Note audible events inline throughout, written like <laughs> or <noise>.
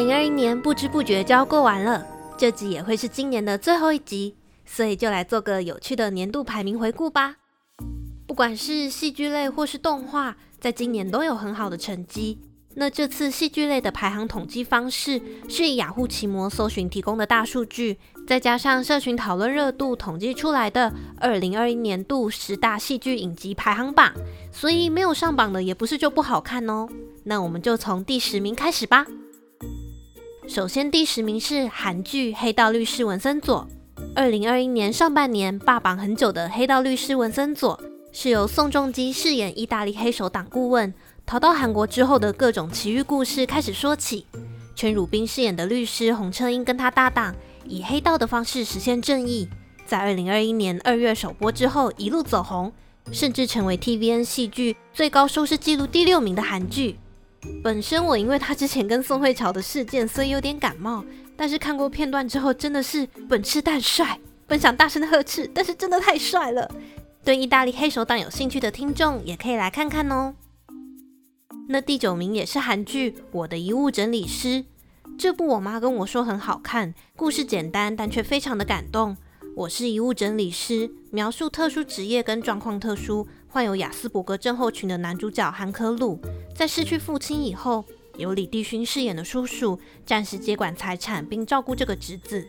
二零二一年不知不覺就要過完了，這集也會是今年的最後一集，所以就來做個有趣的年度排名回顧吧。不管是戲劇類或是動畫，在今年都有很好的成績。那這次戲劇類的排行統計方式是以雅虎奇摩搜尋提供的大數據，再加上社群討論熱度統計出來的二零二一年度十大戲劇影集排行榜。所以沒有上榜的也不是就不好看哦。那我們就從第十名開始吧。首先，第十名是韓劇《黑道律師文森佐》。二零二一年上半年霸榜很久的《黑道律師文森佐》，是由宋仲基飾演意大利黑手黨顧問，逃到韓國之後的各種奇遇故事開始說起。全汝彬飾演的律師洪車英跟他搭檔，以黑道的方式實現正義。在二零二一年二月首播之後，一路走紅，甚至成為 TVN 戲劇最高收視紀錄第六名的韓劇。本身我因為他之前跟宋慧喬的事件，所以有點感冒。但是看過片段之後，真的是本痴大帥，本想大聲的呵斥，但是真的太帥了。對意大利黑手黨有興趣的聽眾，也可以來看看哦。那第九名也是韓劇《我的遺物整理師》。這部我媽跟我說很好看，故事簡單，但卻非常的感動。我是遺物整理師，描述特殊職業跟狀況特殊。患有亞斯伯格症候群的男主角韓可魯，在失去父親以後，由李帝勳飾演的叔叔暫時接管財產並照顧這個侄子。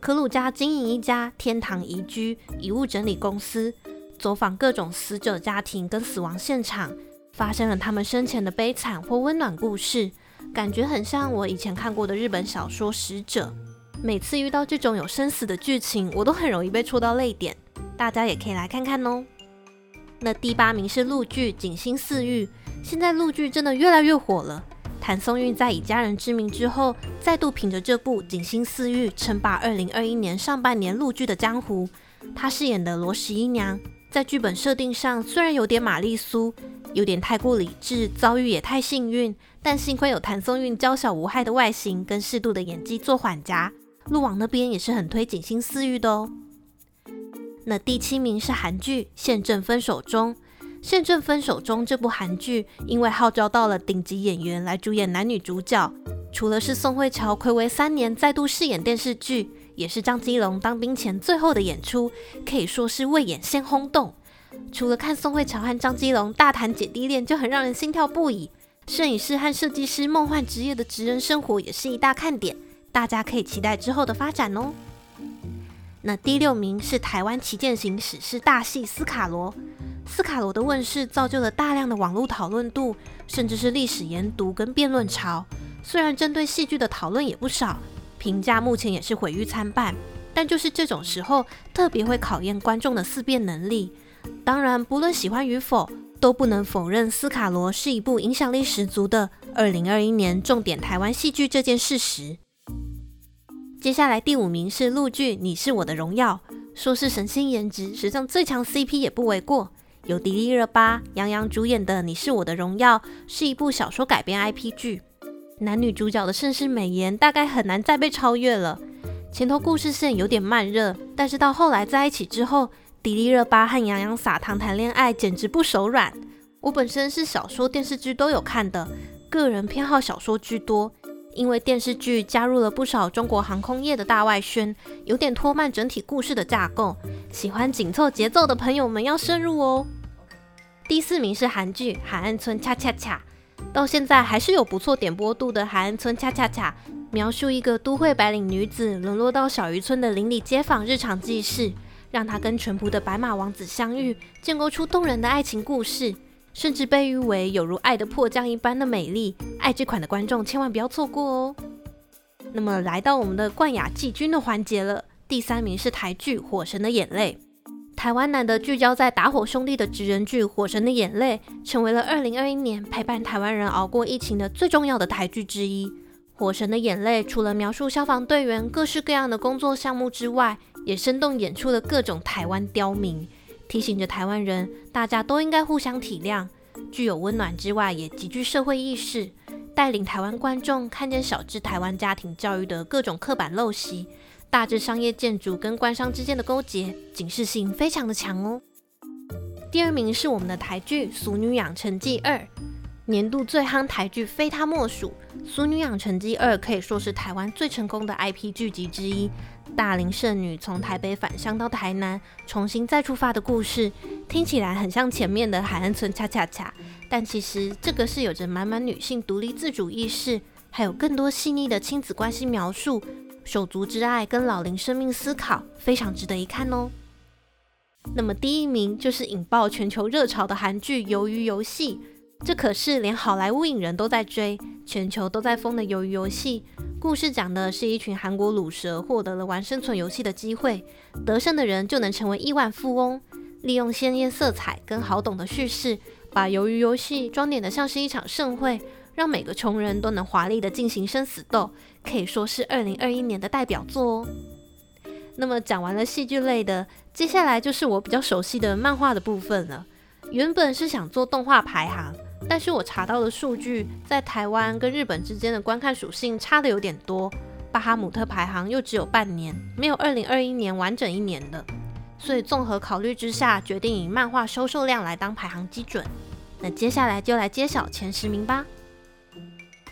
可魯家經營一家天堂移居遺物整理公司，走訪各種死者家庭跟死亡現場，發生了他們生前的悲慘或溫暖故事，感覺很像我以前看過的日本小說《死者》。每次遇到這種有生死的劇情，我都很容易被戳到淚點，大家也可以來看看哦。那第八名是陸劇《錦心似玉》，現在陸劇真的越來越火了。譚松韻在《以家人之名》之後，再度憑着這部《錦心似玉》稱霸2021年上半年陸劇的江湖。她飾演的羅十一娘，在劇本設定上雖然有點瑪麗蘇，有點太過理智，遭遇也太幸運，但幸虧有譚松韻嬌小無害的外形跟適度的演技做緩頰。陸王那邊也是很推《錦心似玉》的哦。那第七名是韓劇《現正分手中》。《現正分手中》這部韓劇因為號召到了頂級演員來主演男女主角，除了是宋慧喬暌違三年再度飾演電視劇，也是張基龍當兵前最後的演出，可以說是未演先轟動。除了看宋慧喬和張基龍大談姐弟戀就很讓人心跳不已，攝影師和設計師夢幻職業的職人生活也是一大看點，大家可以期待之後的發展哦。那第六名是台灣旗艦型史詩大戲《斯卡羅》，斯卡羅的問世造就了大量的網絡討論度，甚至是歷史研讀跟辯論潮。雖然針對戲劇的討論也不少，評價目前也是毀譽參半，但就是這種時候特別會考驗觀眾的思辨能力。當然，不論喜歡與否，都不能否認《斯卡羅》是一部影響力十足的2021年重點台灣戲劇這件事實。接下來第五名是陸劇《你是我的榮耀》，說是神仙顏值、史上最強 CP 也不為過。由迪麗熱巴、楊洋主演的《你是我的榮耀》是一部小說改編 IP 劇，男女主角的盛世美顏大概很難再被超越了。前頭故事線有點慢熱，但是到後來在一起之後，迪麗熱巴和楊洋撒糖談戀愛簡直不手軟。我本身是小說、電視劇都有看的，個人偏好小說居多。因為電視劇加入了不少中國航空業的大外宣，有點拖慢整體故事的架構。喜歡緊湊節奏的朋友們要慎入哦。第四名是韓劇《海岸村恰恰恰》，到現在還是有不錯點播度的。《海岸村恰恰恰》描述一個都會白領女子淪落到小漁村的鄰里街坊日常記事，讓她跟淳樸的白馬王子相遇，建構出動人的愛情故事。甚至被譽為有如愛的迫降一般的美麗，愛這款的觀眾千萬不要錯過哦。那麼，來到我們的冠亞季軍的環節了。第三名是台劇《火神的眼淚》。台灣難得聚焦在打火兄弟的職人劇《火神的眼淚》，成為了二零二一年陪伴台灣人熬過疫情的最重要的台劇之一。《火神的眼淚》除了描述消防隊員各式各樣的工作項目之外，也生動演出了各種台灣刁民。提醒着臺灣人，大家都應該互相體諒，具有溫暖之外，也極具社會意識，帶領臺灣觀眾看見小至臺灣家庭教育的各種刻板陋習，大至商業建築跟官商之間的勾結，警示性非常的強哦。第二名是我們的台劇《俗女養成記二》。年度最夯台劇非它莫屬，《俗女養成記二》可以說是台灣最成功的 IP 劇集之一。大齡剩女從台北返鄉到台南，重新再出發的故事，聽起來很像前面的《海岸村恰恰恰》，但其實這個是有着滿滿女性獨立自主意識，還有更多細膩的親子關係描述、手足之愛跟老齡生命思考，非常值得一看哦。那麼第一名就是引爆全球熱潮的韓劇《魷魚遊戲》。這可是連好萊塢影人都在追，全球都在瘋的《魷魚遊戲》。故事講的是一群韓國魯蛇獲得了玩生存遊戲的機會，得勝的人就能成為億萬富翁。利用鮮艷色彩跟好懂的敘事，把《魷魚遊戲》裝點得像是一場盛會，讓每個窮人都能華麗地進行生死鬥，可以說是二零二一年的代表作哦。那麼講完了戲劇類的，接下來就是我比較熟悉的漫畫的部分了。原本是想做動畫排行。但是我查到的數據，在台灣跟日本之間的觀看屬性差的有點多，巴哈姆特排行又只有半年，沒有二零二一年完整一年的，所以綜合考慮之下，決定以漫畫銷售量來當排行基準。那接下來就來揭曉前十名吧。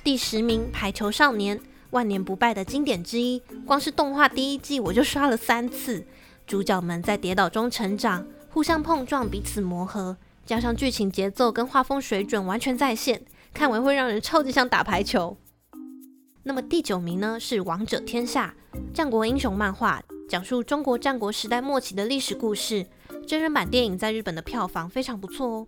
第十名，《排球少年》，萬年不敗的經典之一，光是動畫第一季我就刷了三次，主角們在跌倒中成長，互相碰撞，彼此磨合。加上劇情節奏跟畫風水準完全在線，看完會讓人超級想打排球。那麼第九名呢，是《王者天下》戰國英雄漫畫，講述中國戰國時代末期的歷史故事。真人版電影在日本的票房非常不錯哦。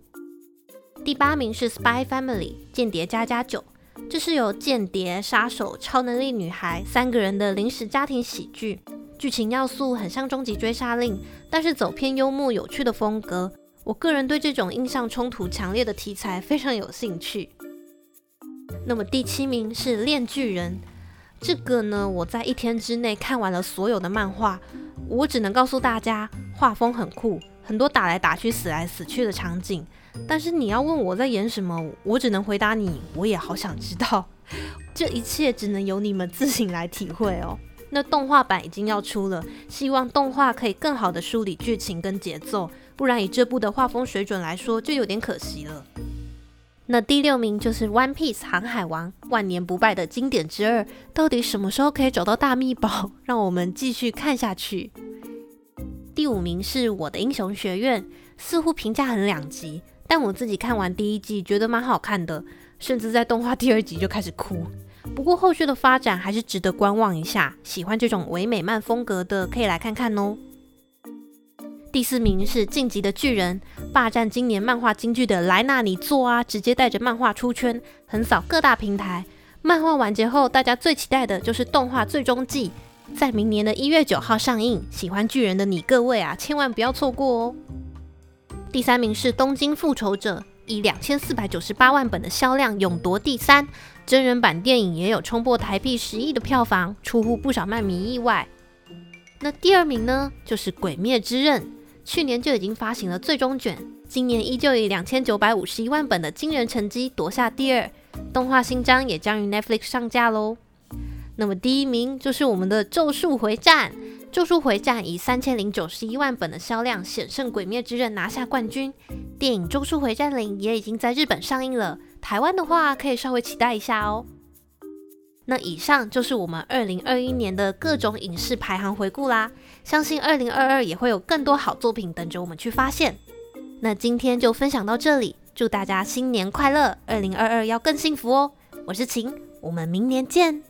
第八名是《Spy Family》間諜家家酒，這是由間諜、殺手、超能力女孩三個人的臨時家庭喜劇，劇情要素很像《終極追殺令》，但是走偏幽默有趣的風格。我個人對這種印象衝突強烈的題材非常有興趣。那麼第七名是《鏈鋸人》，這個呢，我在一天之內看完了所有的漫畫。我只能告訴大家，畫風很酷，很多打來打去、死來死去的場景。但是你要問我在演什麼，我只能回答你，我也好想知道。 <laughs> 這一切只能由你們自行來體會哦。那動畫版已經要出了，希望動畫可以更好的梳理劇情跟節奏。不然以這部的畫風水準來說，就有點可惜了。那第六名就是《One Piece》航海王，萬年不敗的經典之二。到底什麼時候可以找到大秘寶？讓我們繼續看下去。第五名是我的英雄學院，似乎評價很兩極，但我自己看完第一季覺得蠻好看的，甚至在動畫第二集就開始哭。不過後續的發展還是值得觀望一下。喜歡這種唯美漫風格的可以來看看哦。第四名是進擊的巨人，霸佔今年漫畫金句的萊納，你坐啊，直接帶着漫畫出圈，橫掃各大平台。漫畫完結後，大家最期待的就是動畫最終季，在明年的一月九號上映，喜歡巨人的你各位啊，千萬不要錯過哦。第三名是東京復仇者，以兩千四百九十八萬本的銷量勇奪第三，真人版電影也有衝破台幣十億的票房，出乎不少漫迷意外。那第二名呢，就是鬼滅之刃。去年就已經發行了最終卷，今年依舊以兩千九百五十一萬本的驚人成績奪下第二。動畫新章也將於 Netflix 上架嘍。那麼第一名就是我們的咒《咒術回戰》，《咒術回戰》以三千零九十一萬本的銷量險勝《鬼滅之刃》拿下冠軍。電影《咒術回戰》零也已經在日本上映了，台灣的話可以稍微期待一下哦。那以上就是我們二零二一年的各種影視排行回顧啦，相信二零二二也會有更多好作品等着我們去發現。那今天就分享到這裡，祝大家新年快樂，二零二二要更幸福哦！我是晴，我們明年見。